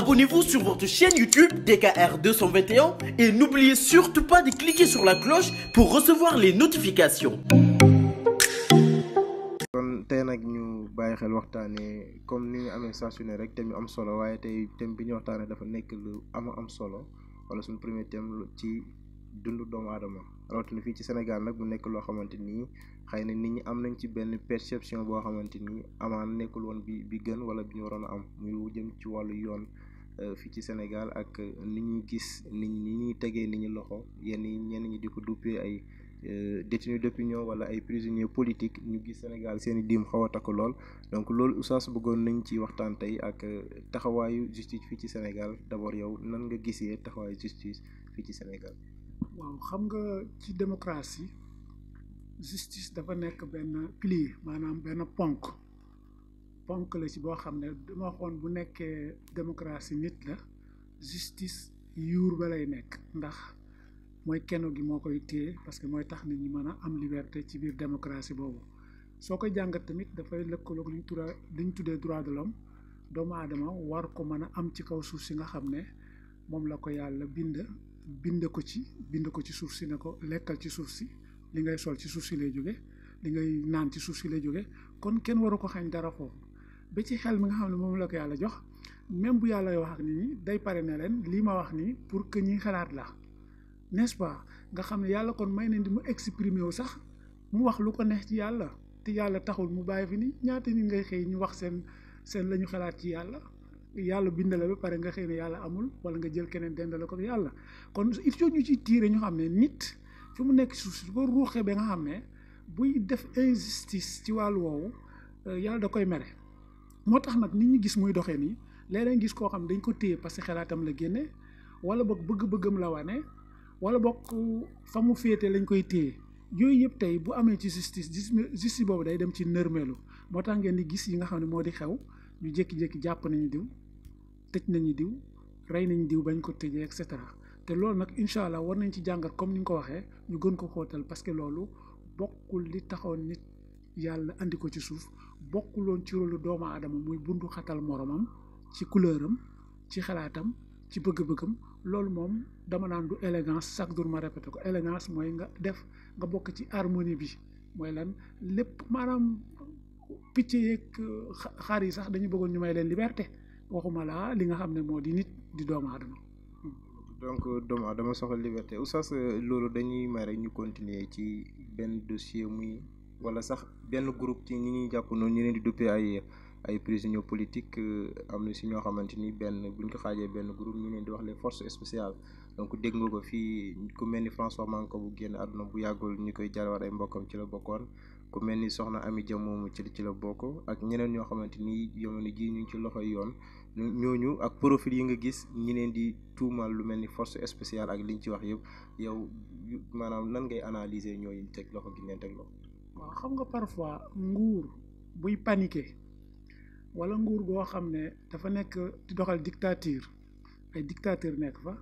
Abonnez-vous sur votre chaîne YouTube DKR 221 et n'oubliez surtout pas de cliquer sur la cloche pour recevoir les notifications. kon tey nag ñu bàyyi xel waxtaanee comme ni ñu amee saa rek thème yu am solo waaye tey thème bi ñu waxtaanee dafa nekk lu am am solo wala suñu premier thème ci dundu doomu aadama rawatina fii ci Sénégal nag mu nekk loo xamante ni xëy na nit ñi am nañ ci benn perception boo xamante ni amaan nekkul woon bi bi gën wala bi ñu waroon a am muy jëm ci wàllu yoon. Euh, fii ci Sénégal ak euh, ni ñuy gis ni ni ñuy tegee ni ñu loxo yenn ñenn ñi di ko duppee ay euh, détenus d'opinion wala ay prisonniers politiques ñu gis Sénégal seen i diim xaw a takk lool donc loolu oustaz bëggoon nañ ci waxtaan tey ak taxawaayu justice fii ci Sénégal d'abord yow nan nga gisee taxawaayu justice fii ci Sénégal. waaw xam nga ci démocratie justice dafa nekk benn pilier maanaam benn ponk. ponk la ci boo xam ne dama xoon bu nekkee démocratie nit la justice yuur ba lay nekk ndax mooy keno gi moo koy téye parce que mooy tax nit ñi mën a am liberté ci biir démocratie boobu soo ko jàngat tamit dafay lëkkaloog liñ tuddee liñ tuddee droit de l'homme doomu aadama war ko mën a am ci kaw suuf si nga xam ne moom la ko yàlla bind bind ko ci bind ko ci suuf si ne ko lekkal ci suuf si li ngay sol ci suuf si lay jóge li ngay naan ci suuf si lay jóge kon kenn waru ko xañ dara ba ci xel mi nga xam ne moom la ko yàlla jox même bu yàlla wax ak nit nii day pare ne leen lii ma wax nii pour que ñi xalaat la n'est-ce nga xam ne yàlla kon may nañ di mu exprimer wu sax mu wax lu ko neex ci yàlla yàlla taxul mu bàyyi fi ni ñaata nit ngay xëy ñu wax seen seen la ñu xalaat ci yàlla yàlla bindale ba pare nga xëy ne yàlla amul wala nga jël keneen dendale ko yàlla kon il faut ñu ci tiire ñu xam ne nit fi mu nekk suuf su ko ruuxee ba nga xam ne buy def injustice ci wàllu woowu euh, yàlla da koy mere. moo tax nag nit ñi gis muy doxee nii léeg gis koo xam dañ ko téye parce que xalaatam la génne wala boog bëgg-bëggam la wane wala boog fa mu féete lañ koy téye yooyu yëpp tey bu amee ci justice justice boobu day dem ci nërmeelu moo tax ngeen di gis yi nga xam ne moo di xew ñu jékki-jékki jàpp nañu diw tëj nañu diw rey nañu diw bañ ko tëjee et cetera te loolu nag incha allah war nañ ci jàngat comme ni nga ko waxee ñu gën ko xóotal parce que loolu bokkul li taxoon nit yàlla andi ko ci suuf bokkuloon ci rôle doomu aadama muy bundu xatal moroomam ci couleur am ci xalaatam ci bëgg-bëggam loolu moom dama naan du élégance chaque jour ma répété ko élégance mooy nga def nga bokk ci harmonie bi mooy lan lépp maanaam picc yeeg xar yi sax dañu bëggoon ñu may leen liberté waxuma laa li nga xam ne moo di nit di doomu aadama donc doomu aadama soxla liberté oustaz loolu dañuy may rek ñu continuer ci benn dossier muy wala sax benn groupe ci ñu ñuy jàpp noonu ñu leen di duppee ay ay prisonniers politiques euh, am na si ñoo xamante ni benn bu ko xaajee benn groupe ñu leen di wax les force spéciales donc dégg nga ko fii ku mel ni François bu génn àdduna bu yàggul ñu koy jarawaat ay mbokkam ci la bokkoon ku mel ni soxna Ami Dia moomu ci ci la bokk ak ñeneen ñoo xamante ni jamono jii ñu ngi ci loxoy yoon ñooñu ak profil yi nga gis ñu leen di mal lu mel ni force spéciale ak liñ ci wax yëpp yow maanaam nan ngay analyser ñooñu teg loxo gi leen teg loxo. waaw xam nga parfois nguur buy paniquer wala nguur goo xam ne dafa nekk doxal dictature ay dictateur nekk fa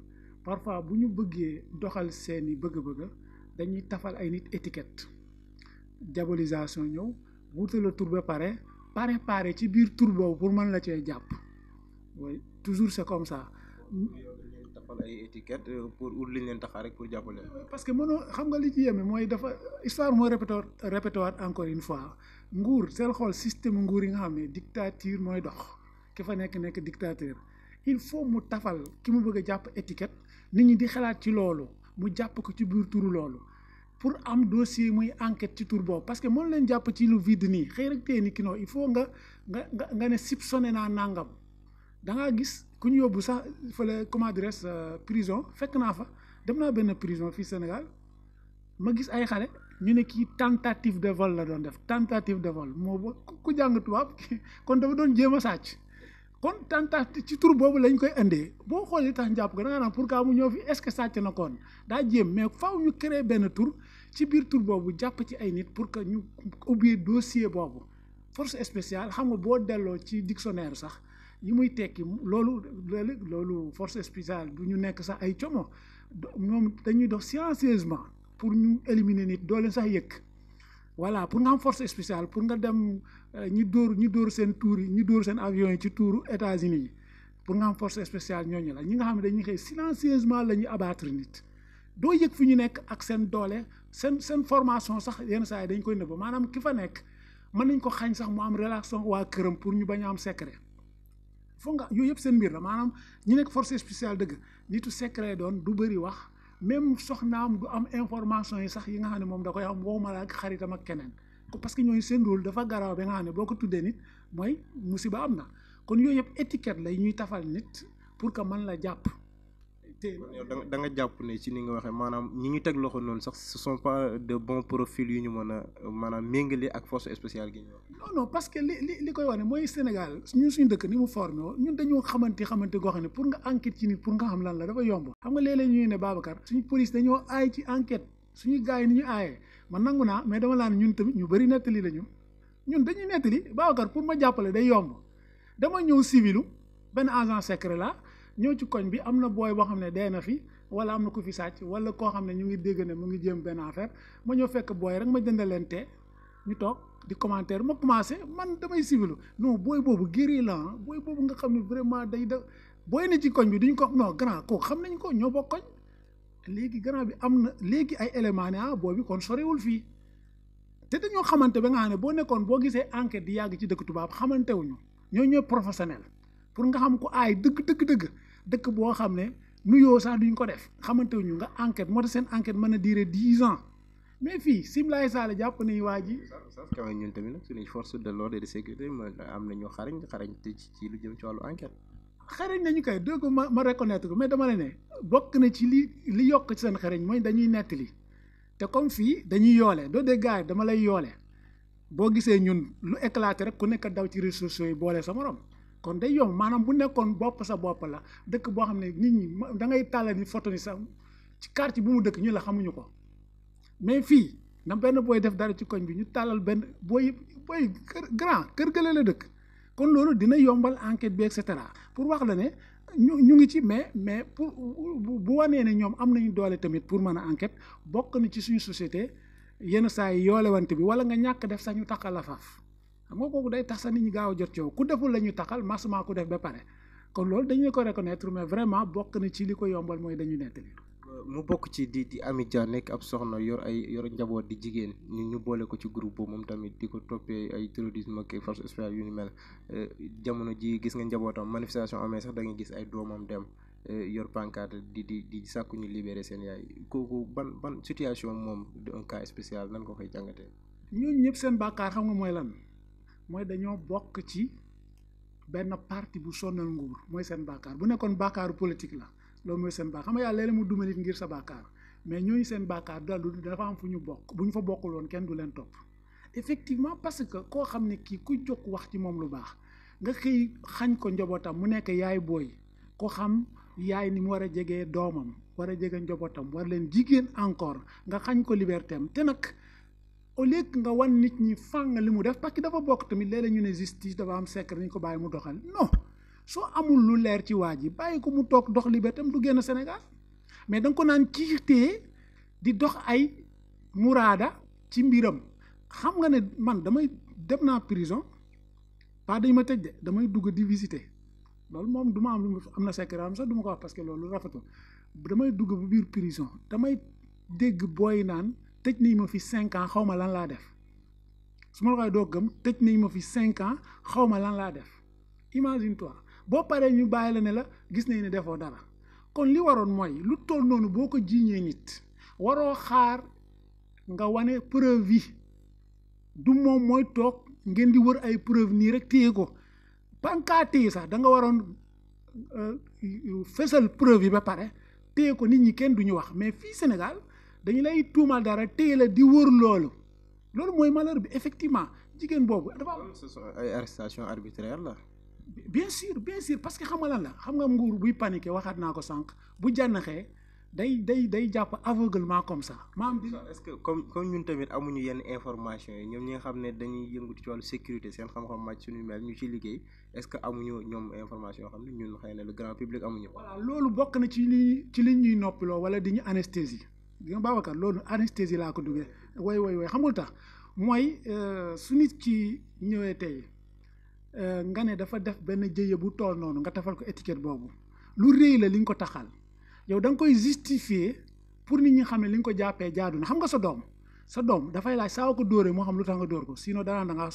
parfois bu ñu bëggee doxal seeni bëgg-bëgg dañuy tafal ay nit étiquette diabolisation ñëw wuute la tur ba pare pare pare ci biir tur boobu pour mën la cee jàpp toujours c'est comme ça defal ay étiquette euh, pour ut li ñu leen taxaar rek pour jàppale. parce que mënoo xam nga li ci yéeme mooy dafa histoire mooy répétoire répétoire encore une fois nguur seen xool système nguur yi nga xam ne dictature mooy dox ki fa nekk nekk dictateur il faut mu tafal ki mu bëgg a jàpp étiquette nit ñi di xalaat ci loolu mu jàpp ko ci biir tour loolu. pour am dossier muy enquête ci tour boobu parce que mën leen jàpp ci lu vide nii xëy rek tey ni ki non il faut nga nga nga ne sip sone naa nangam da gis ku ñu yóbbu sax fële comment dirais euh, prison fekk naa fa dem naa benn prison fii Sénégal ma gis ay xale ñu ne kii tentative de vol la doon def tentative de vol moo ba ku jàng tubaab kon dafa doon jéem a sàcc kon tentative ci tur boobu lañ koy indee boo xoolee tax njàpp ko da nga pour que mu ñëw fi est-ce que sàcc na koon daa jéem mais faw ñu créer benn tur ci biir tur boobu jàpp ci ay nit pour que ñu ubbi dossier boobu force spéciale xam nga boo delloo ci dictionnaire sax. yi muy tekki loolu loolu force spéciale du ñu nekk sax ay como ñoom dañuy dox silencieusement pour ñu éliminer nit doo leen sax yëg voilà pour nga am force spéciale pour nga dem euh, ñi dóor ñi dóor seen tuur yi ñi dóor seen avion yi ci tuuru États-Unis yi pour nga am force spéciale ñooñu la ñi nga xam ne dañuy xëy silencieusement la ñuy abattre nit doo yëg fu ñu nekk ak seen doole seen seen formation sax yenn saa yi dañ koy nëbb maanaam ki fa nekk mën nañ ko xañ sax mu am relation waa këram pour ñu bañ a am secret foog nga yooyu yëpp seen mbir na maanaam ñu nekk force spéciale dëgg nitu secret doon du bëri wax même soxnaam du am information yi sax yi nga xam ne moom da koy am wowuma la ak xaritam ak keneen parce que ñooy seen rôle dafa garaaw ba nga xam ne boo ko tuddee nit mooy musiba am na kon yooyu yëpp étiquette lay ñuy tafal nit pour que man la jàpp téye na yow da nga jàpp ne ci ni nga waxee maanaam ñi ñu teg loxo noonu sax ce sont pas de bons profils yu ñu mën a maanaam méngale ak force spéciale gi ñu parce que li li li koy wax ne mooy Sénégal ñun suñu dëkk ni mu formé woo ñun dañoo xamante xamante goo xam ne pour nga enquête ci nit pour nga xam lan la dafa yomb. xam nga léeg-léeg ñuy ne Babacar suñu police dañoo aay ci enquête suñu gars yi ni ñu aayee man nangu naa mais dama laan ñun tamit ñu bëri nettali la ñu ñun dañuy nettali Babacar pour ma jàppale day yomb dama ñëw civilu benn agent secret la ñëw ci koñ bi am na booy boo xam ne dee na fi wala am na ku fi sàcc wala koo xam ne ñu ngi dégg ne mu ngi jéem benn affaire ma ñëw fekk booy rek ma jëndaleen tee ñu toog di commentaire ma commencé man damay civilu non booy boobu guéri la ah booy boobu nga xam ne vraiment day da booy na ci koñ bi duñ ko non grand ko xam nañ ko ñoo bokk koñ léegi grand bi am na léegi ay éléments ne ah booy bi kon sorewul fii te dañoo xamante ba nga xam ne boo nekkoon boo gisee enquête di yàgg ci dëkk tubaab xamante wuñu ñoo ñooy professionnel pour nga xam ko aay dëgg dëgg dëgg dëkk boo xam ne nuyoo sax duñ ko def xamante ñu nga enquête moo tax seen enquête mën a diire dix ans mais fii sim Simblaye Sall jàpp nañu waa ji. waaw ñun tamit force de l'ordre et am nañu xarañ xarañ ci lu jëm ci wàllu enquête. xarañ nañu kay dégg ma ma reconnaître ko mais dama la ne bokk na ci li li yokk seen xarañ mooy dañuy nettali te comme fii dañuy yoole doo dee gars yi dama lay yoole boo gisee ñun lu éclaté rek ku nekk daw ci réseaux sociaux yi boole sa morom. kon day yomb maanaam bu nekkoon bopp sa bopp la dëkk boo xam ne nit ñi da ngay tàllal ni photo ni sax ci quartier bi mu dëkk ñu la xamuñu ko mais fii na benn booy def dara ci koñ bi ñu tàllal benn booy booy kër grand kër gële la dëkk kon loolu dina yombal enquête bi et cetera pour wax la ne ñu ñu ngi ci mais mais pour bu wanee ne ñoom am na ñu doole tamit pour mën a enquête bokk na ci suñu société yenn saa yoolewante bi wala nga ñàkk def sax ñu takkal xam nga kooku day tax sax nit ñi gaaw a jot yow ku deful la ñu taxal massement ku def ba pare kon loolu dañuy ko reconnaître mais vraiment bokk na ci li ko yombal mooy dañu nettali. mu bokk ci di di Amy Dia nekk ab soxna yor ay yor njaboot di jigéen ñu ñu boole ko ci groupe boobu moom tamit di ko toppee ay terrorisme ak force spéciale yu ni mel eh, jamono ji gis nga njabootam manifestation amee sax da gis ay doomam dem eh, yor pancarte di di di sàkku ñu libéré seen yaay kooku ban ban situation moom de un cas spécial nan ko koy jàngatee. ñooñu ñëpp seen bàkkaar xam nga mooy lan. mooy dañoo bokk ci benn parti bu sonal nguur mooy seen bàkkaar bu nekkoon bàkkaaru politique la loolu mooy seen bàkkaar xam nga yàlla léeg-léeg mu dumalit ngir sa bàkkaar mais ñooñu seen bàkkaar daal dafa am fu ñu bokk bu ñu fa bokkul woon kenn du leen topp effectivement parce que koo xam ne kii ku jóg wax ci moom lu baax nga xëy xañ ko njabootam mu nekk yaay booy ko xam yaay ni mu war a jegee doomam war a jege njabootam war leen jigéen encore nga xañ ko liberté te nag au lieu que nga wan nit ñi fàng li mu def parce que dafa bokk tamit léeg-léeg ñu ne justice dafa am secret dañ ko bàyyi mu doxal non soo amul lu leer ci waa ji bàyyi ko mu toog dox liberté am du génn Sénégal mais da ko naan kii téye di dox ay muraada ci mbiram xam nga ne man damay dem naa prison pas dañ ma tëj de damay dugg di visiter loolu moom du ma am am na secret am sax du ko wax parce que loolu rafetul damay dugg bu biir prison damay dégg booy naan. tëj na ma fi cinq xaw ma lan laa def su ma la koy doo gëm nañ ma fi cinq ans xaw ma lan laa def imagine toi boo paree ñu bàyyi la ne la gis nañ ne defoo dara kon li waroon mooy lu toll noonu boo ko jiiñee nit waroo xaar nga wane preuve yi du moom mooy toog ngeen di wër ay preuve nii rek téye ko bankaa téye sax da nga waroon euh, fesal preuve yi ba pare téye ko nit ñi kenn du ñu wax mais fii Sénégal dañu lay tuumal dara téye la di wër loolu loolu mooy malheur bi effectivement jigéen boobu dafa am. ce sont ay la. bien sûr bien parce que xam nga lan la xam nga nguur buy paniqué waxaat naa ko sànq bu jànnaxee day day day jàpp aveuglement comme ça. maam di est-ce que comme comme ñun tamit amuñu yenn information yi ñoom ñi nga xam ne dañuy yëngu ci wàllu sécurité seen xam-xam ñu ci liggéey est-ce que amuñu ñoom information yoo xam ne xëy na le grand public amuñu. loolu bokk na ci li ci li ñuy noppiloo wala di ñu anesthésie. di nga Babacar loolu anesthésie laa ko duggee way way way xamul tax mooy euh, su nit ki ñëwee tey euh, nga ne dafa def benn jëye bu tool noonu nga tafal ko étiquette boobu lu réy la li nga ko taxal yow danga koy justifier pour nit ñi xam ne li nga ko jàppee jaadu na xam nga sa doom sa doom dafay laaj saa ko dóoree moo xam lu tax nga dóor ko sinon danaan da ngaa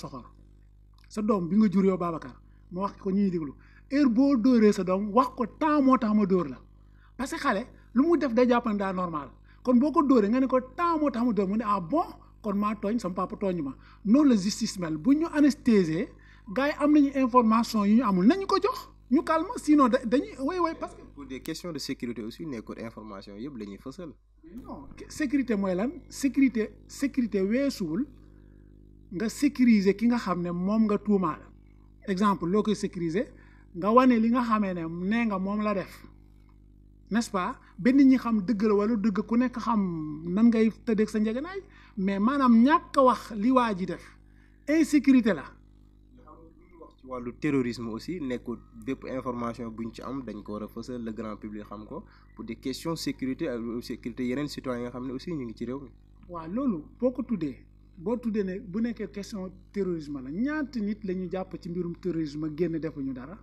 sa doom bi nga jur yow Babacar ma wax ko ñi ñuy déglu heure boo dóoree sa doom wax ko temps moo tax ma dóor la parce que xale lu mu def day jàpp normal kon boo ko dóoree nga ne ko temps moo tax ma dóor mu ne ah bon kon maa tooñ sama papa tooñ ma noonu la justice mel bu ñu anesthésier gars yi am nañu information yu ñu amul nañu ko jox ñu calme sinon dañuy way way parce que. pour des questions de sécurité aussi nekkul information yëpp la ñuy fësal. non sécurité mooy lan sécurité sécurité weesuwul nga sécuriser ki nga xam ne moom nga tuumaal exemple loo koy sécuriser nga wane li nga xamee ne nee nga moom la def. n'est-ce pas benn ñi xam dëgg la wala dëgg ku nekk xam nan ngay tëddeeg sa njëgënaay mais maanaam ñàkk wax li waa ji def sécurité la. ci wàllu aussi nekkul bépp information bu buñ ci am dañ ko war a fësal le grand public xam ko pour des question sécurité ak euh, sécurité yeneen citoyens yi nga xam ne aussi ñu ngi ci réew mi. waaw loolu boo ko tuddee boo tuddee ne bu nekkee question terrorisme la ñaata nit la ñu jàpp ci mbirum terrorisme génn defuñu dara.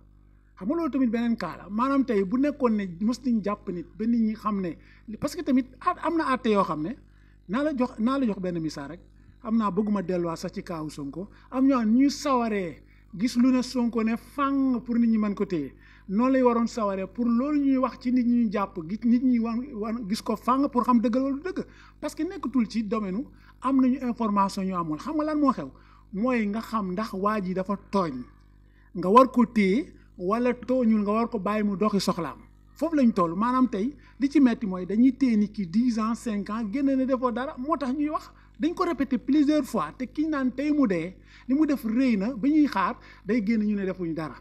xam nga loolu tamit beneen cas maanaam tey bu nekkoon ne mos nañ jàpp nit ba nit ñi xam ne parce que tamit am na àtte yoo xam ne naa la jox naa la jox benn misaal rek am naa bëgguma delluwaat sax ci kaawu Sonko am ñoo ñuy sawaree gis lu ne Sonko ne fang pour nit ñi mën ko téye noonu lay waroon sawaree pour loolu ñuy wax ci nit ñi jàpp gis nit ñi wan wan gis ko fang pour xam dëgg loolu dëgg parce que nekkatul ci domaine am nañu information ñu amul xam nga lan moo xew mooy nga xam ndax waa ji dafa tooñ nga war ko téye. wala tooñul nga war ko bàyyi mu doxi soxlaam foofu lañ toll maanaam tey li ci metti mooy dañuy téye nit ki dix ans cinq ans génn ne defoo dara moo tax ñuy wax dañ ko répété plusieurs fois te kiñ naan tey mu dee li mu def rëy na ba ñuy xaar day génn ñu ne defuñu dara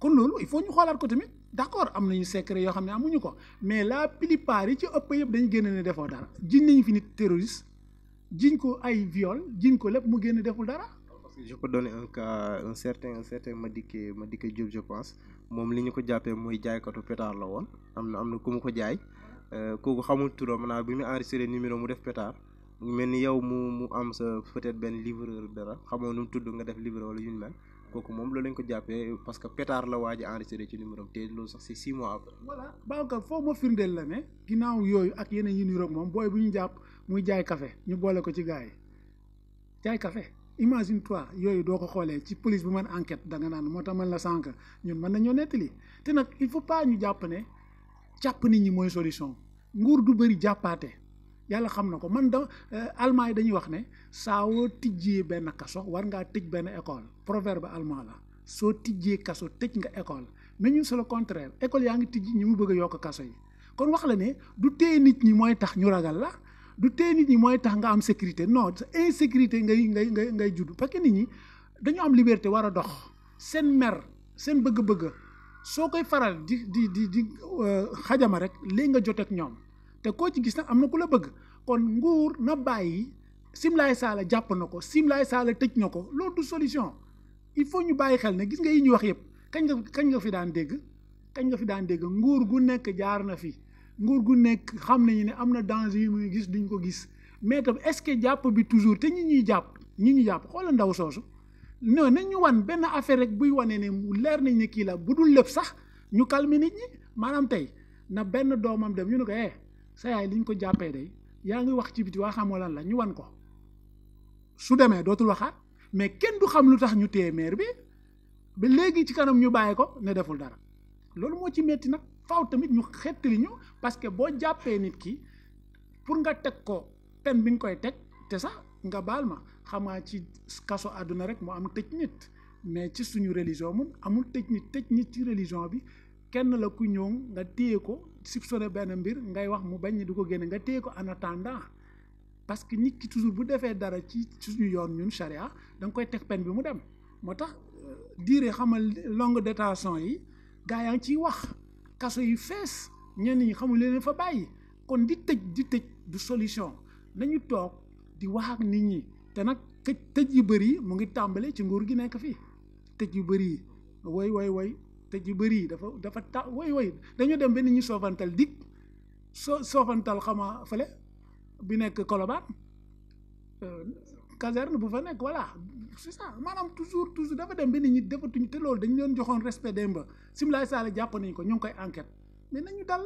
kon loolu il faut ñu xoolaat ko tamit d'accord am nañu secret yoo xam ne amuñu ko mais la plupart yi ci ëpp yëpp dañu génn ne defoo dara jiñ nañ fi nit terroriste jiñ ko ay viol jiñ ko lépp mu génn deful dara je peux donner un cas un certain un certain Madické Madické Diop je pense moom li ñu ko jàppee mooy jaaykatu pétard la woon am na am na ku mu ko jaay euh, kooku xamul turam maanaam bi mu enregistré numéro mu def pétard mu mel ni yow mu mu am sa peut-être benn livreur dara xamoo nu mu tudd nga def livreur wala yu ñu mel kooku moom loolu lañ ko jàppee parce que pétard la waa ji enregistré ci numéro am te mois après. voilà Babacar foo ma ginnaaw yooyu ak yeneen yi niroog moom booy bu ñu jàpp muy jaay café ñu boole ko ci gaa yi jaay café imagine toi yooyu doo ko xoolee ci police bu man enquête da nga naan moo tax man la sànq ñun mën nañoo nettali te nag il faut pas ñu jàpp ne jàpp nit ñi mooy solution nguur du bëri jàppaate yàlla xam na ko man da euh, allemand yi dañuy wax ne saawoo tijjee benn kaso war ngaa tëj benn école proverbe allemand la soo tijjee kaso tëj nga école mais ñun c'est le contraire école yaa ngi tijj ñi mu bëgg a yokk kaso yi kon wax la ne du téye nit ñi mooy tax ñu ragal la du tee nit ñi mooy tax nga am sécurité non insécurité ngay ngay ngay ngay judd parce que nit ñi dañu am liberté war a dox seen mer seen bëgg-bëgg soo koy faral di di di di euh, xajama rek léegi nga joteek ñoom te koo ci gis nag am na ku la bëgg kon nguur na bàyyi simlaay saala jàpp na ko simlaay saala tëj na ko loolu du solution il faut ñu bàyyi xel ne gis nga yi ñuy wax yëpp kañ nga kañ nga fi daan dégg kañ nga fi daan dégg nguur gu nekk jaar na fi nguur gu nekk xam nañu ne am na danger yu muy gis duñ ko gis mais tam est-ce que jàpp bi toujours te ñi ñuy jàpp ñi ñuy jàpp xoola ndaw soosu non nañ ñu wan benn affaire rek buy wanee ne mu leer nañ ne kii la bu dul lépp sax ñu calmer nit ñi maanaam tey na benn doomam dem ñu ne eh, sa yaay liñ ko jàppee day yaa ngi wax ci biti waa xamoo lan la ñu wan ko su demee dootul waxaat mais kenn du xam lu tax ñu téye maire bi ba léegi ci kanam ñu bàyyi ko ne deful dara loolu moo ci metti nag. faaw tamit ñu xettali ñu parce que boo jàppee nit ki pour nga teg ko pen bi nga koy teg te sax nga baal ma xamaa ci kaso àdduna rek moo am tëj nit mais ci suñu religion moom amul tëj nit tëj nit ci religion bi kenn la ku ñëw nga téye ko soupçonné benn mbir ngay wax mu bañ ni du ko génne nga téye ko en attendant parce que nit ki toujours bu defee dara ci suñu yoon ñun charia danga koy teg pen bi mu dem moo tax euh, diire xamal longue détention yi gaa yaa ngi ciy wax kaso yu fees ñenn ñi xamul leen fa bàyyi kon di tëj di tëj du solution nañu toog di wax ni ñi te nag këj tëj yu bëri mu ngi tàmbale ci nguur gi nekk fi tëj yu bëri yi woy woy woy tëj yu bëri yi dafa dafa ta woy woy dañoo dem benn nit ñi soofantal dig soo soofantal xama fële bi nekk Colobane euh, caserne bu fa nekk voilà c'est ça maanaam toujours toujours dafa dem ba nit ñi defatuñu te loolu dañu leen joxoon respect démb Simblaye Saale jàpp nañ ko ñu koy enquête mais nañu dal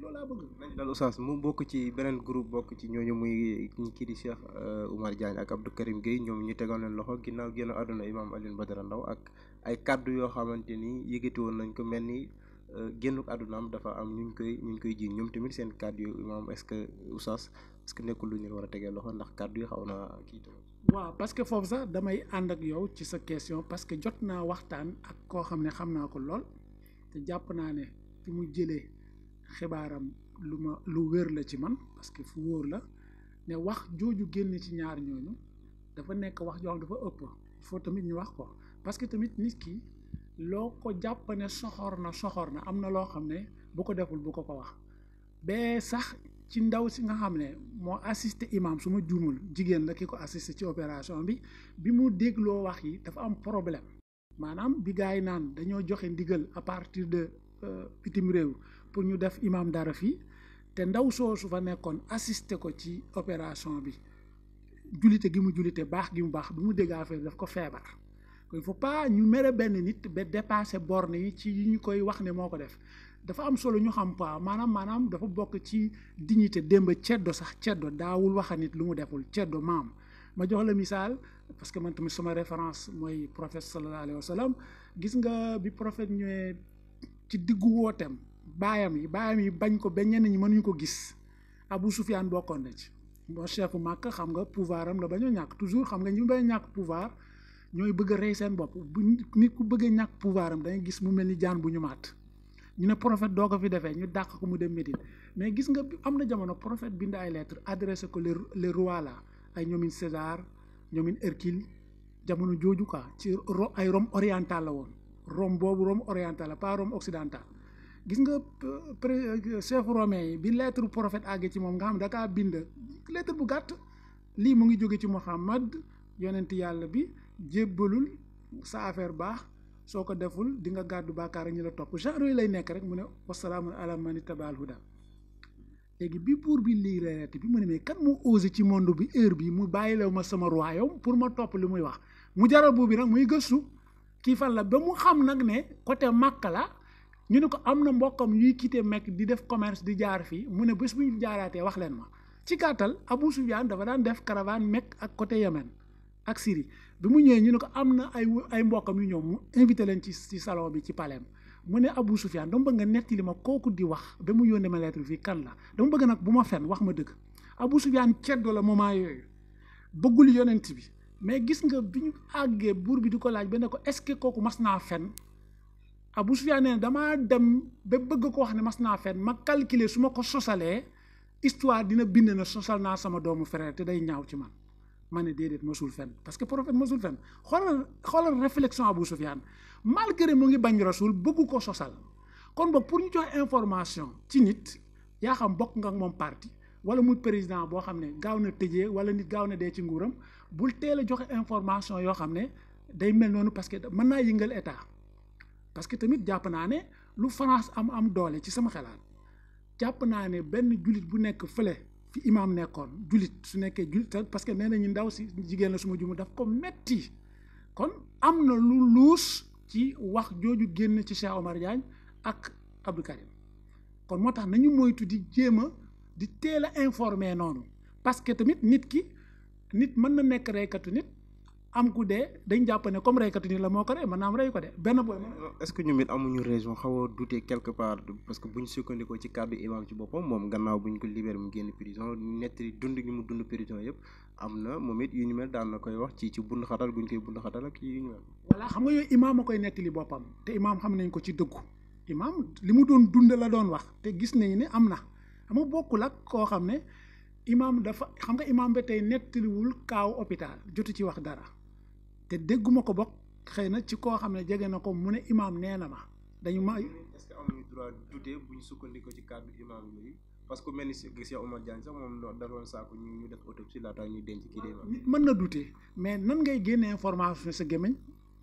loolu laa bëgg. nañu mu bokk ci beneen groupe bokk ci ñooñu muy kii di Cheikh euh, Oumar Diagne ak Abdou Karim ñoom ñu tegoon leen loxo ginnaaw génn àdduna Imam Alioune Badara Ndao ak ay yoo xamante ni yëgati woon nañ ko mel ni. Euh, génn àddunaam dafa am ñu ngi koy ñu ngi koy ji ñoom tamit seen kàddu yooyu imaam est-ce que oustaz parce que nekkul lu ñu war a tegee loxo ndax kàddu yi xaw naa kii waaw parce que foofu sax damay ànd ak yow ci sa question parce que jot naa waxtaan ak koo xam ne xam naa ko lool te jàpp naa ne fi mu jëlee xibaaram lu ma lu wér la ci man parce que fu la ne wax jooju génn ci ñaar ñooñu dafa nekk wax joo dafa ëpp il tamit ñu wax ko parce que tamit nit ki loo ko jàpp ne soxor na soxoor na am na loo xam ne bu ko deful bu ko ko wax bee sax. ci ndaw si nga xam ne moo assisté imam su ma juumul jigéen la ki ko assisté ci opération bi bi mu dégloo wax yi dafa am problème maanaam bi gars yi naan dañoo joxe ndigal à partir de euh, bitim réew pour ñu def imam dara fii te ndaw soosu fa nekkoon assisté ko ci opération bi julite gi mu julite baax gi mu baax bi mu dégg affaire daf ko feebar il faut pas ñu mere benn nit ba dépasser borne yi ci yi ñu koy wax ne moo ko def dafa am solo ñu xam quoi maanaam maanaam dafa bokk ci dignité démb ceddo sax ceddo daawul wax nit lu mu deful ceddo maam ma jox la misaal parce que man tamit sama référence mooy prophète sallallahu alayhi wa sallam gis nga bi profet ñëwee ci diggu wooteem baayam yi baayam yi bañ ko ba ñenn ñi mënuñu ko gis Abu Sufyaan bokkoon na ci boo chef xam nga pouvoir am la bañ ñàkk toujours xam nga ñu bañ ñàkk pouvoir ñooy bëgg a rey seen bopp bu nit ku bëgg a ñàkk pouvoir gis mu mel ni jaan bu ñu maat ñu ne prophète doo ko fi defee ñu dàq ko mu dem Médine mais gis nga am na jamono prophète bind ay lettres adressé ko les rois là ay ñoomin César ñoomin Hercule jamono jooju quoi ci ay Rome oriental la woon Rome boobu Rome oriental la pas Rome occidental gis nga euh, chef romain yi bi lettre prophète àggee ci moom nga xam dakaa bind lettre bu gàtt lii mu ngi jóge ci Muhammad yonent yàlla bi jébbalul sa affaire baax soo ko deful di nga gàddu bàkkaar ak ñi la topp genre yooyu lay nekk rek mu ne wasalaamu ala mani tabaal huda léegi bi buur bi lii reet bi mu ne mais kan mu osé ci monde bi heure bi mu bàyyilew ma sama royaume pour ma topp li muy wax mu jaral buur bi nag muy gëstu kii fan la ba mu xam nag ne côté Makka la ñu ne ko am na mbokkam yuy quitté Mekk di def commerce di jaar fii mu ne bés bu ñu jaaraatee wax leen ma ci gàttal Abu Sufyaan dafa daan def caravane Mekk ak côté Yemen ak Syrie bi mu ñëwee ñu ne ko am na ay ay mbokkam yu ñëw mu invité leen ci ci salon bi ci palem mu ne Abou Soufiane dama bëgg nga li ma kooku di wax ba mu yónnee ma lettre fii kan la dama bëgg nag bu ma fen wax ma dëgg Abou Soufiane ceddo la moment yooyu bi mais gis nga bi ñu àggee buur bi di ko laaj ba ne ko est-ce que kooku mas naa fen abu Soufiane nee na damaa dem ba bëgg ko wax ne mas naa fen ma calculer su ma ko sosalee histoire dina bind na sosal naa sama doomu frère te day ñaaw ci man. ma ne déedéet masul fen parce que prophète masul fen xoolal xoolal réflexion bu Sufyaan malgré mu ngi bañ rasul bëggu ko sosal kon boog pour ñu jox information ci nit yaa xam bokk nga ak moom parti wala muy président boo xam ne gaaw na tëjee wala nit gaaw na dee ci nguuram bul teel a joxe information yoo xam ne day mel noonu parce que mën naa yëngal état parce que tamit jàpp naa ne lu France am am doole ci sama xelaat jàpp naa ne benn jullit bu nekk fële. fi imaam nekkoon julit su nekkee julit parce que nee nañu ndaw si jigéen la suma jumu daf ko metti kon am na lu luus ci wax jooju génn ci Cheikh Omar Diagne ak Abdou Karim kon moo tax nañu moytu di jéem a di teel a informé noonu parce que tamit nit ki nit mën na nekk reykatu nit am ku dee dañ jàpp ne comme reykatu ni moo ko rey mën naa am rey ko de benn booy. est-ce que ñoom it amuñu raison xaw a douter quelque part moom gannaaw bu ñu ko na moom it yu ñu mel daan koy wax ci ci bund xatal bu ñu koy bund xatal ak yu ñu mel. voilà xam nga yooyu imaam a koy nettali boppam te imaam xam nañ ko ci dëggu imaam li mu doon dund la doon wax te gis nañ ne am na xam nga bokkul ak koo xam ne imaam dafa xam nga imaam ba tey nettaliwul kaaw hôpital jotu ci wax dara te dégguma ko bokk xëy na ci koo xam ne jege na ko mu ne imaam nee na ma dañu ma. est-ce que bu ñu sukkandikoo ci kàddu imaam parce que mel ni Cheikh Oumar Diagne sax moom da doon saako ñu ñu def autopsie laata ñuy denc kii nit mën na douter mais nan ngay génne information sa gémmiñ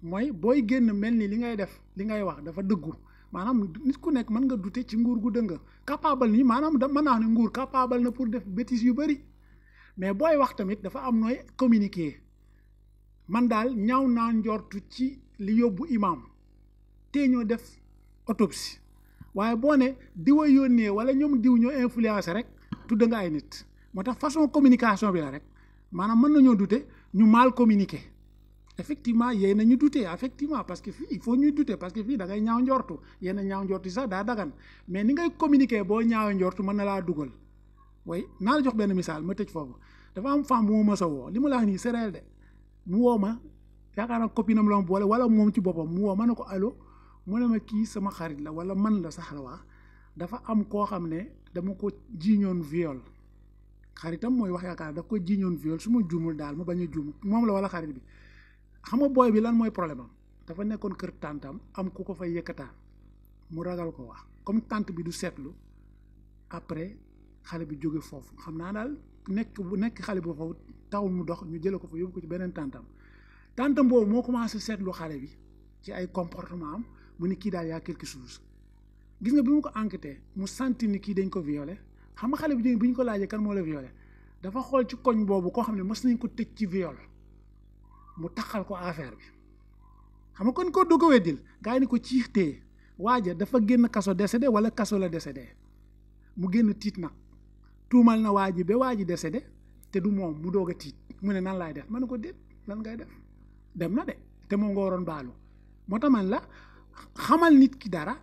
mooy booy génn mel ni li ngay def li ngay wax dafa dëggu maanaam nit ku nekk mën nga douter ci nguur gu dënga capable nii maanaam da mën naa ne nguur capable na pour def bêtise yu bëri mais booy wax tamit dafa am nooy communiquer. man daal ñaaw naa njortu ci li yóbbu imaam te ñoo def autopsie waaye boo ne diwa yónnee wala ñoom diw ñoo influence rek tudd nga ay nit moo tax façon communication bi la rek maanaam mën nañoo dute ñu mal communiqué effectivement yéen a ñu dute effectivement parce que fii il faut ñu dute parce que fii da ngay ñaaw njortu yéen a ñaaw njortu sax daa dagan mais ni ngay communiqué boo ñaaw njortu mën na laa dugal way naa jox benn misaal ma tej foofu dafa am femme bu ma mës a li ma la wax nii mu woo ma yaakaar naa copine am la ma boole wala moom ci boppam mu woo ma ne ko allo mu ne ma kii sama xarit la wala man la sax la dafa am koo xam ne dama ko jiiñoon viol xaritam mooy wax yaakaar dafa ko jiñoon viol su ma juumul daal ma bañ a juum moom la wala xarit bi xama nga bi lan mooy problème am dafa nekkoon kër tàntam am ku ko fay yëkkataan mu ragal ko wax comme tànt bi du seetlu après xale bi jóge foofu xam naa daal nekk bu nekk xale bu tawul mu dox ñu jëlee ko fa yóbbu ko ci beneen tàntam tàntam boobu moo commencé seetlu xale bi ci ay am mu ni kii daal yaa gis nga bi ko enquêté mu sentir ni kii dañ ko violé xam nga xale bi jigéen bi ñu ko laajee kan moo la violé dafa xool ci koñ boobu koo xam ne mës nañ ko tëj ci viol mu taxal ko affaire bi xam nga kon ko du ko weddil gaa ni ko ciixtee waaja dafa génn kaso décédé wala kaso la décédé mu génn tiit nag tuumal na waa ji ba waa ji décédé te du moom mu doog a tiit mu ne nan laay def ma ne ko déet lan ngay def dem na de te moom nga waroon baalu moo tax man la xamal nit ki dara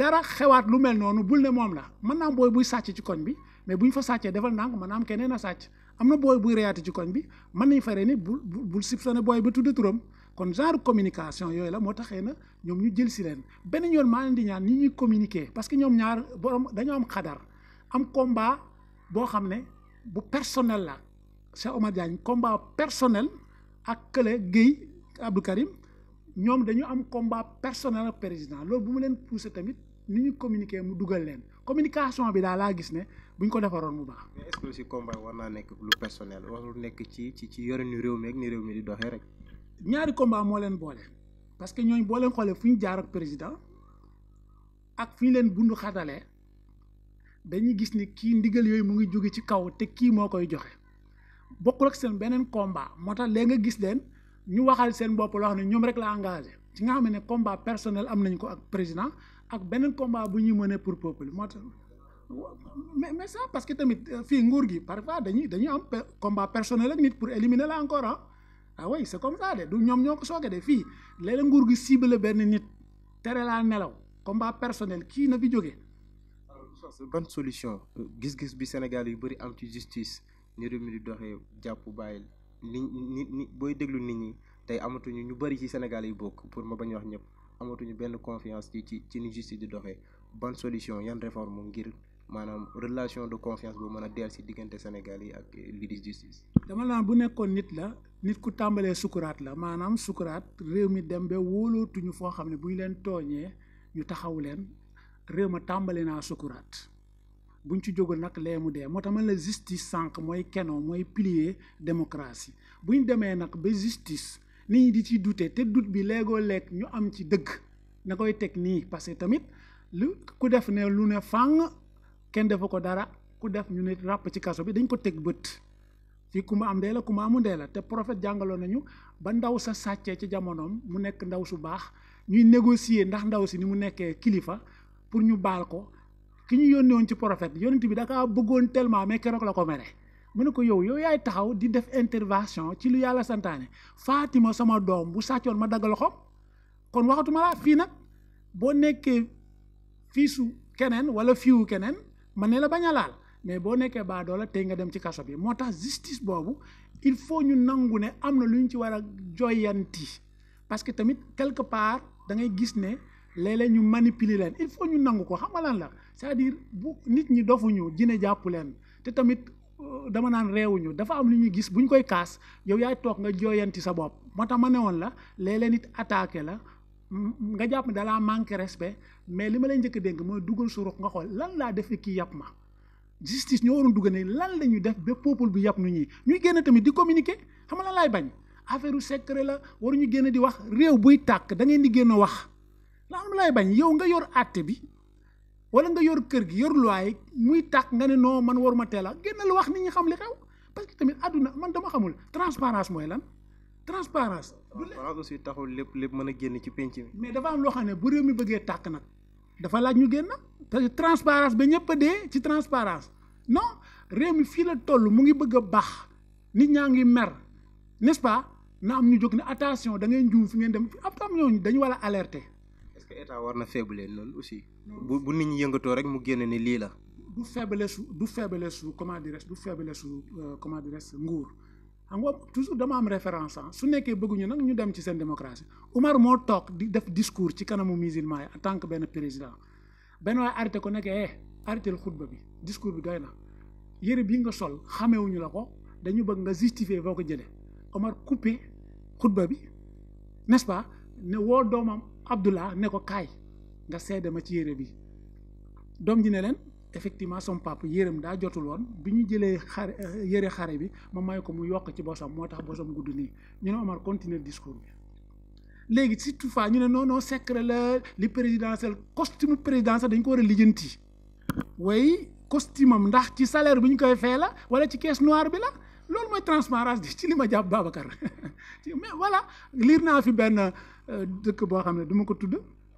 dara xewaat lu mel noonu bul ne moom la mën naa am booy buy sàcc ci koñ bi mais buñ fa sàccee defal ndànk mën naa am keneen a sàcc am na booy buy reyaati ci koñ bi mën nañ fa ni bul bul siftaane booy ba tudde turam kon genre communication yooyu la moo taxee na ñoom ñu jël si leen benn yoon maa leen di ñaan ni ñuy communiquer parce que ñoom ñaar borom dañoo am xadar am combat boo xam ne bu personnel la Cheikh Omar Diagne combat personnel ak Kële Guèye Abdou Karim ñoom dañu am combat personnel ak président loolu bu mu leen poussé tamit ni ñu communiqué mu dugal leen communication bi daal laa gis ne bu ñu ko defaroon mu baax. mais est war naa nekk lu personnel warul nekk ci ci ci yorinu réew mi ak ni réew mi di doxee rek. ñaari combat moo leen boole parce que ñooñu boo leen xoolee fu ñu jaar ak président ak fu ñu leen bundu xatalee dañuy gis ni kii ndigal yooyu mu ngi jóge ci kaw te kii moo koy joxe bokkul ak seen beneen combat moo tax léegi nga gis leen ñu waxal seen bopp loo xam ne ñoom rek la engagé ci nga xam ne combat personnel am nañ ko ak président ak beneen combat bu ñuy mënee pour peuple moo tax mais mais ça parce que tamit euh, fii nguur gi parfois dañuy dañuy am combat personnel ak nit pour éliminer la encore ah ah oui c'est comme ça de du ñoom ñoo ko sooke de fii léeg nguur gi ciblé benn nit tere laa nelaw combat personnel kii na fi jóge ban solution gis-gis bi Sénégal yu bëri am ci justice ni réew mi di doxee jàpp bàyyil ni ni ni booy déglu nit ñi tey amatuñu ñu bari ci Sénégal yi bokk pour ma bañ wax ñëpp amatuñu benn confiance ci ci ci ni justice di doxee ban solution yan réforme ngir maanaam relation de confiance bu mën a dell si diggante Sénégal yi ak lii di justice. dama naan bu nekkoon nit la nit ku tàmbalee sukuraat la maanaam sukuraat réew mi dem be wóolootuñu foo xam ne bu leen tooñee ñu taxaw leen. réew ma tàmbali naa sukuraat buñ ci jógul nag lee mu dee moo tax man la justice sànq mooy keno mooy pilier démocratie buñ demee nag ba justice nit ñi di ci dute te dut bi léegoo lekk ñu am ci dëgg na koy teg nii parce que tamit lu ku def ne lu ne fàng kenn defu ko dara ku def ñu ne ràpp ci kaso bi dañ ko teg bët fii ku ma am ndee la ku ma amu ndee la te prophète jàngaloo nañu ba ndaw sa sàccee ci jamonoom mu nekk ndaw su baax ñuy négocier ndax ndaw si ni mu nekkee kilifa pour ñu baal ko ki ñu yónnee woon ci profet yonent bi da bëggoon tellement mais keroog la ko mere mu ne ko yow yow yaay taxaw di def intervention ci lu yàlla santaane Fatima sama doom bu sàccoon ma dagg loxoom kon waxatuma laa fii nag boo nekkee fiisu keneen wala fiiwu keneen ma ne la bañ a laal mais boo nekkee baa doola tey nga dem ci kaso bi moo tax justice boobu il faut ñu nangu ne am na lu ñu ci war a joyanti parce que tamit quelque part da ngay gis ne. léeg ñu manipuler leen il faut ñu nangu ko xam nga lan la cest à bu nit ñi dofuñu jine jàppu leen te tamit euh, dama naan réewuñu dafa am lu ñuy gis bu ñu koy kaas yow yaay toog nga jooyanti sa bopp moo tax ma ne woon la léeg-léeg nit attaqué la nga jàpp ne dalaa manqué respect mais li ma leen njëkk a dénk mooy dugal su nga xool lan laa defee kii yàpp ma justice ñoo waroon dugg ne lan la ñuy def ba peuple bu yàpp nu ñi ñuy génn tamit di communiquer xam nga lan laay bañ affaire u la waruñu génn di wax réew buy tàkk da ngeen di génn wax la am bañ yow nga yor àtte bi wala nga yor kër gi yor luwaay muy tàkk nga ne non man waruma teel a génnal wax nit ñi xam li xew parce que tamit àdduna man dama xamul transparence mooy lan transparence du taxul lépp lépp mën a génn ci penc mais dafa am loo xam ne bu réew mi bëggee tàkk nag dafa laaj ñu génn parce que transparence ba ñëpp a dee ci transparence non réew mi fii la toll mu ngi bëgg a baax nit ñaa ngi mer n'est-ce pas na am ñu jóg ne attention da ngeen juum fi ngeen dem fii am tam ñu dañu war a alerter. est-ce war na faible noonu aussi. bu bu nit ñi yëngatoo rek mu génn ni lii la. du faible su du faible su comment dirais du faible su euh, comment dirais nguur xam nga toujours dama am référence ah, su nekkee bëgguñu nag ñu dem ci seen démocratie Umar moo toog di def discours ci kanamu musulman yi en tant que benn président benn waaye arrêté ko nekkee eh arrêté la xutba bi discours bi doy na yëre bii nga sol xamewuñu la ko dañu bëgg nga justifier boo ko jëlee Umar coupé xutba bi nest Abdullah ne ko kaay nga seede ma ci yére bi doom ji ne leen effectivement son papa yérem daa jotul bi ñu jëlee xare euh, yére xare bi ma may ko mu yokk ci bosam moo tax bosam gudd nii ñu ne Omar continuer discours bi léegi si toutefois ñu ne non non la li présidentiel costume présidentiel dañ ko war a lijjanti way costume am ndax ci salaire bi ñu koy fee la wala ci caisse noir bi la loolu mooy transparence di ci li ma jàpp Babacar ci mais fi benn dëkk boo xam ne duma ko tudd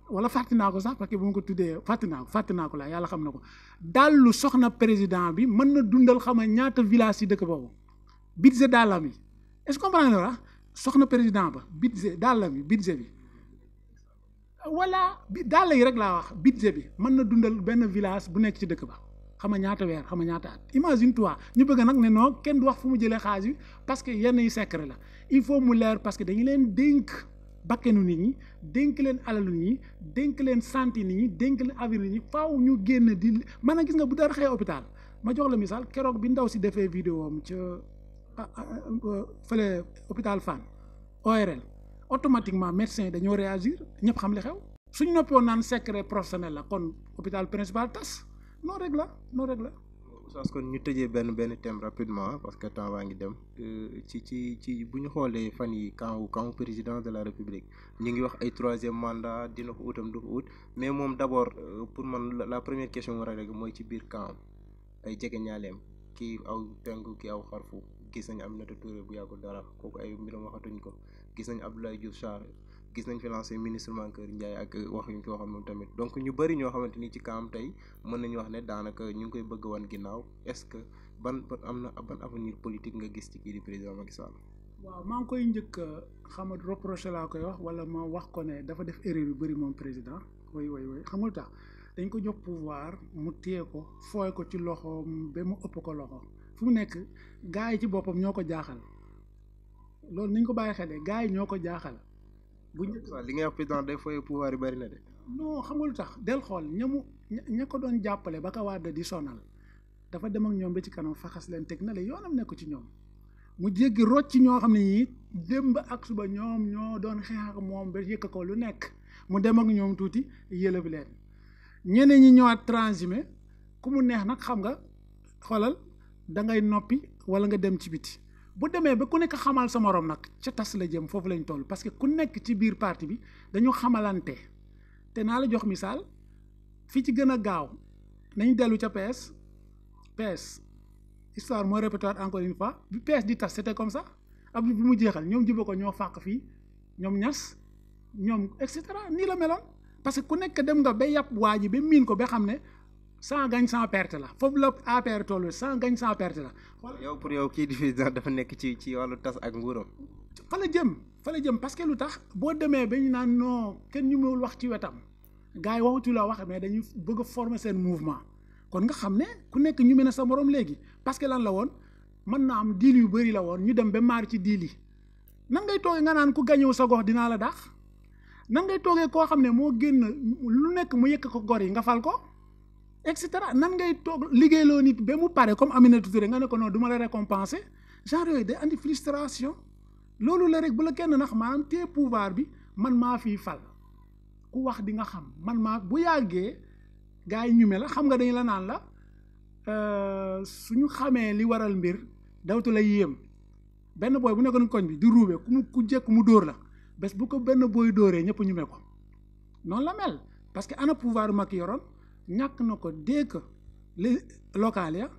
wala fàtte naa ko sax parce que bu ma ko tuddee fàtte ko fàtte naa ko laa yàlla xam na ko dàllu soxna président bi mën na dundal xam nga ñaata village si dëkk boobu budget dàllam yi est-ce que comprendre soxna président ba budget dàllam yi budget bi voilà bi yi rek laa wax budget bi mën na dundal benn village bu nekk ci dëkk ba xam nga ñaata weer xam nga ñaata at imagine toit ñu bëgg nag ne noo kenn du wax fu mu jëlee xaalis parce que yenn yi la il faut mu leer parce que dañu leen dénk. bakkenu nit ñi dénk leen alalu nit ñi dénk leen santé nit ñi dénk leen avenir nit ñi faaw ñu génn di a gis nga bu dara xëy hôpital ma jox la misaal keroog bi ndaw si defee vidéo am ca ah, ah, ah, euh, fële hôpital Fann ORL automatiquement médecin yi dañoo réagir ñëpp xam li xew suñu noppi woon naan secret professionnel la kon hôpital principal tas non rek la non rek la oustaz que ñu tëjee benn benn thème rapidement parce que temps waa ngi dem euh, ci ci ci bu ñu xoolee fan yi camp camp président de la république ñu ngi wax ay troisième mandat dina ko utam du ko ut mais moom d' abord euh, pour man la première question war a mooy ci biir camp ay jege ñaaleem kii aw penku kii aw xarfu gis nañ Aminata Touré bu yàggul dara kooku ay mbiram waxatuñ ko gis nañ Abdoulaye Diouf gis nañ fi lancé ministre Mankeur Ndiaye ak wax yu ñu fi waxoon moom tamit donc ñu bëri ñoo xamante ni ci kaam tey mën nañu wax ne daanaka ñu ngi koy bëgg wan ginnaaw est-ce que ban ban am na ban avenir politique nga gis ci kii di président Macky Sall. waaw maa ngi koy njëkk xam nga laa koy wax wala ma wax ko ne dafa def erreur yu bëri moom président way way way xamul tax dañ ko jox pouvoir mu téye ko fooy ko ci loxo ba mu ëpp ko loxo fu mu nekk gars yi ci boppam ñoo ko jaaxal loolu niñ ko bàyyi xel gars yi ñoo ko jaaxal. bu njëkk li ngay wax de des fois pouvoir yi bari na de. non xam lu tax del xool ñamu ña ko doon jàppale ba ka Wade di sonal dafa dem ak ñoom ba ci kanam faxas leen teg na la yoonam nekk ci ñoom mu jéggi rocc ñoo xam ne ñii démb ak suba ñoom ñoo doon xeex moom ba yëkk ko lu nekk mu dem ak ñoom tuuti yëlëb leen ñeneen ñi ñëwaat transhumé ku mu neex nag xam nga xoolal da ngay noppi wala nga dem ci biti. bu demee ba ku nekk xamal sa morom nag ca tas la jëm foofu lañ toll parce que ku nekk ci biir parti bi dañu xamalante te naa la jox misaal fi ci gën a gaaw nañ dellu ca PS PS histoire mooy répéter encore une fois bi PS di tas c'était comme ça ab bi mu jeexal ñoom juba ko ñoo fàkk fii ñoom ñas ñoom et cetera nii la meloon parce que ku nekk dem nga ba yàpp waa ji ba miin ko ba xam ne sans gagne sans perte la foofu la APR toll sans gagne sans perte la. yow pour yow kii di dafa nekk ci ci wàllu tas ak nguuram. fa la jëm fa la jëm parce que lu tax boo demee ba ñu naan non kenn ñu mënul wax ci wetam gars yi waxatu la wax mais dañuy bëgg a seen mouvement kon nga xam ne ku nekk ñu mën a sa moroom léegi parce que lan la woon mën naa am diil yu bëri la woon ñu dem ba maar ci diil yi nan ngay toogee nga naan ku gañëw sa gox dinaa la dax nan ngay toogee koo xam ne moo génn lu nekk mu yëkk ko gor yi nga fal ko. et cetera nan ngay toog liggéey loo nit ba mu pare comme Aminata Touré nga ne ko non ma la récompenser genre yooyu day andi frustration loolu la rek bu la kenn nax maanaam téye pouvoir bi man maa fi fal ku wax di nga xam man maa bu yàggee gars yi ñume la xam nga dañ la naan la euh, suñu xamee li waral mbir dawtu la yéem benn booy bu nekk nekkoon koñ bi di ruube ku mu ku jëkk mu dóor la bés bu ko benn booy dóoree ñëpp ñu ko noon la mel parce que ana pouvoir mag yoroon. ñàkk na ko dès que les ya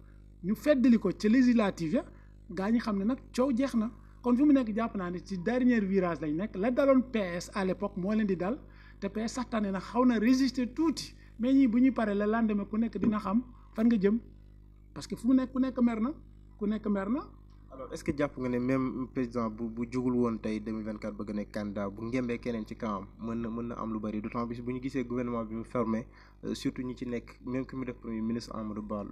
ñu feddali ko ci législative ya gaa ñi xam ne nag coow jeex na kon fi mu nekk jàpp naa ne ci dernier virage lañ nekk la daloon PS à l'époque moo leen di dal te PS saxtaane na xaw na résister tuuti mais ñii bu ñuy paree la lendemain ku nekk dina xam fan nga jëm parce que fu mu nekk ku nekk mer na ku nekk mer na alors est-ce que jàpp nga ne même président bu bu jugul woon tey 2024 bëgg nekk candidat bu ngembee keneen ci kanam mën na mën na am lu bari bu ñu gisee gouvernement bi mu fermé euh, surtout ñi ci nekk même ki mu def premier ministre Amadou Ba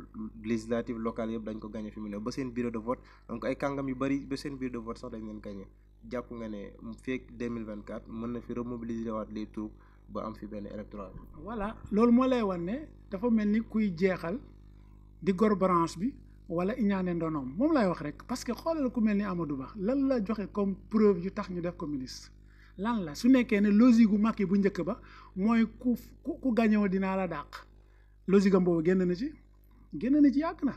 législative locale yëpp dañ ko gagné fi mu ne ba seen bureau de vote donc ay kàngam yu bari ba seen bureau de vote sax dañ leen gagné jàpp nga ne feek mën na fi remobiliser waat les troupes ba am fi benn électorat bi. wala iñaane ndonoom moom lay wax rek parce que xoolal ku mel ni Amadou Ba lan la joxe comme preuve yu tax ñu def ko ministre lan la su nekkee ne logique gu mag yi bu njëkk ba mooy ku ku gañoo dinaa la dàq logique am boobu génn na ci génn na ci yàgg na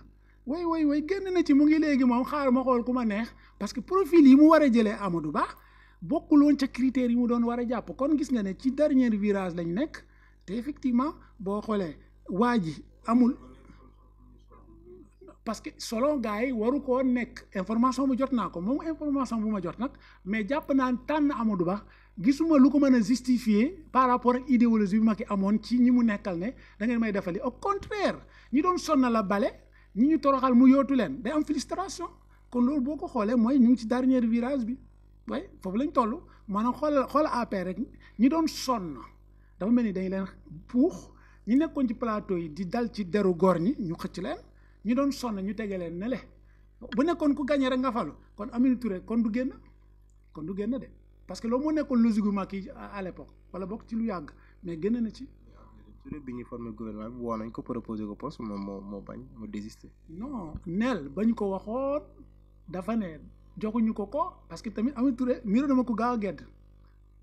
way way way génn na ci mu ngi léegi moom xaar ma xool ku ma neex parce que profil yi mu war a jëlee Amadou Ba bokkuloon ca critères yi mu doon war a jàpp kon gis nga ne ci dernier virage lañ nekk te effectivement boo xoolee waa ji amul. parce que solo gars yi waru koo nekk information bu jot naa ko moom information bu ma jot nag mais jàpp naa tànn Amadou Ba gisuma lu ko mën a justifier par rapport ak idéologie bi ma ki amoon ci ñi mu nekkal ne da ngeen may defali au contraire ñi doon sonna la bale ñi ñu toroxal mu yootu leen day am frustration kon loolu boo ko xoolee mooy ñu ngi ci dernier virage bi way foofu lañ toll maanaam xoola xoola APR rek ñi doon sonn dafa mel ni dañ leen puux ñi nekkoon ci plateau yi di dal ci deru góor ñi ñu xëcc leen ñi doon sonn ñu tege leen ne bu nekkoon ku gagné rek nga falu kon Aminata Touré kon du génn kon du génn de parce que loo moo nekkoon logique gu mag yi à l'époque wala bokk ci lu yàgg mais génn na ci. Touré bi ñuy formé gouvernement bi woo nañ ko proposé ko poste moom moo moo bañ moo désisté. non ba ñu ko waxoon dafa ne joxuñu ko ko parce que tamit Aminata Touré miiro na ma ko gaaw a gedd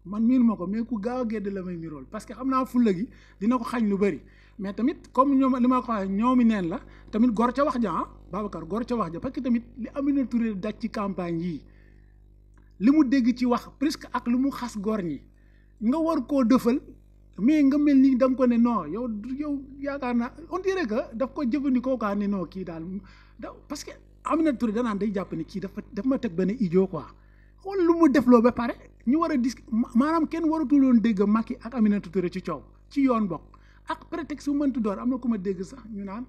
man miir ma ko mais ku gaaw gedd la may miirool parce que xam naa fulla gi dina ko xaañ lu bëri. mais tamit comme ñoom li ma ko waxee ñoomi neen la tamit gor ca wax ja ah Babacar gor ca wax ja parce que tamit li Aminata Touré daj ci campagne yi li mu dégg ci wax presque ak lu mu xas gor ñi nga war koo dëfal mais nga mel ni da ko ne noo yow yow yaakaar naa on ka que daf ko jëfandikoo quoi ne noo kii daal da parce que Aminata Touré danaan day jàpp ne kii dafa dafa ma teg benn idiot quoi xool lu mu defloo ba pare ñu war a dis maanaam kenn waratul woon dégg Macky ak Aminata Touré ci coow ci yoon bokk. ak prétexte bu mëntu door am na ko ma dégg sax ñu naan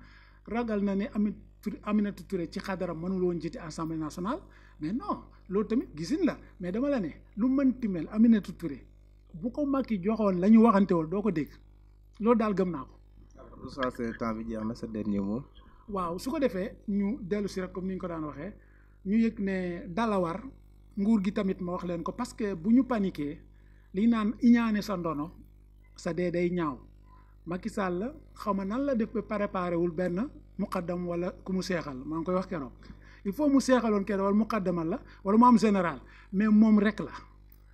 ragal na ne amit Aminata Touré ci xadara mënuloo woon jiite assemblée nationale mais non loolu tamit gisin la mais dama la ne lu mënti mel Aminata Touré bu ko Macky joxoon la ñu waxante woon doo ko dégg loolu daal gëm naa ko. temps bi jeex na sa dernier mot. waaw su ko defee ñu dellu si rek comme ni ñu ko daan waxee ñu yëg ne dala nguur gi tamit ma wax leen ko parce que bu ñu paniqué li naan iñaane sa ndono sa dee day ñaaw. Macky Sall la xaw ma nan la def ba préparé wul benn muqaddam wala ku mu seexal maa ngi koy wax keroog il faut mu seexaloon keroog wala muqaddamal la wala mu am général mais moom rek la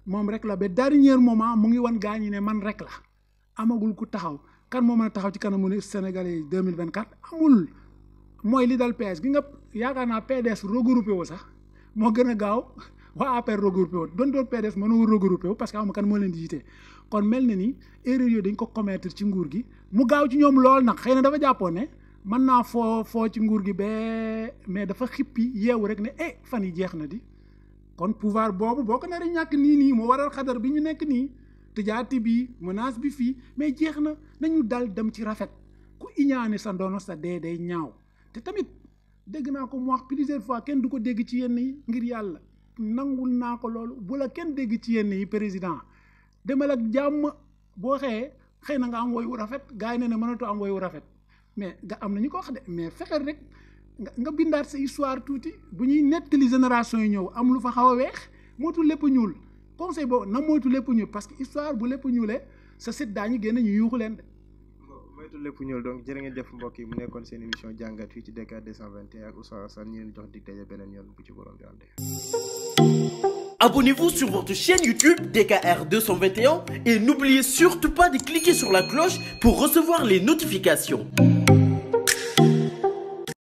moom rek la ba dernier moment mu ngi wan gaa ñi ne man rek la amagul ku taxaw kan moo a taxaw ci kanamu ne Sénégalais yi 2024 amul mooy li dal PS gi nga yaakaar naa PDS regroupé wu sax moo gën a gaaw waa APR regroupé wu doon doon PDS mënul regroupé parce que xam kan moo leen di jiite kon mel na ni erreur yooyu dañ ko commettre ci nguur gi mu gaaw ci ñoom lool nag xëy na dafa jàppoo ne mën naa foo foo ci nguur gi bee mais dafa xippi yeewu rek ne eh fan yi jeex na di kon pouvoir boobu boo ko naree ñàkk nii nii moo waral xadar bi ñu nekk nii tëjaati bi menace bi fii mais jeex na nañu dal dem ci rafet ku iñaane sa ndono sa dee day ñaaw te tamit dégg naa ko mu wax plusieurs fois kenn du ko dégg ci yenn yi ngir yàlla nangul naa ko loolu kenn dégg ci yenn yi président demal ak jàmm boo xëyee xëy na nga am woy wu rafet gars yi ne ne mënatoo am woy wu rafet mais nga am na ñu ko wax mais fexeel rek nga nga bindaat sa histoire tuuti bu ñuy nettali génération yi ñëw am lu fa xaw a weex mootul lépp ñuul conseil boobu na mooytu lépp ñuul parce que histoire bu lépp ñuulee sa sit daañu génn ñu yuuxu leen de moytu lépp ñuul donc jërë yi mu nekkoon seen émission jàngat fii ci DK 221 ak Oustaz Assane ñu leen jox dig Abonnez-vous sur votre chaîne YouTube DKR et n'oubliez surtout pas de cliquer sur la cloche pour recevoir les notifications.